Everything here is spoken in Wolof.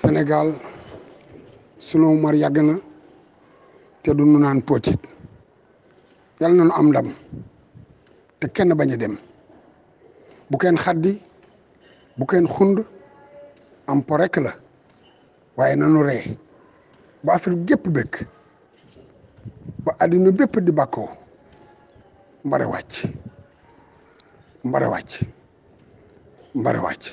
Sénégal sunu mar yàgg na te du nu naan pootit yàlla na nu am ndam te kenn bañ a dem bu kenn xaddi bu kenn xund am po la waaye nanu ree ba Afrique gépp bëgg ba àddina bépp di bàkkoo mbare wàcc mbare wàcc mbare wàcc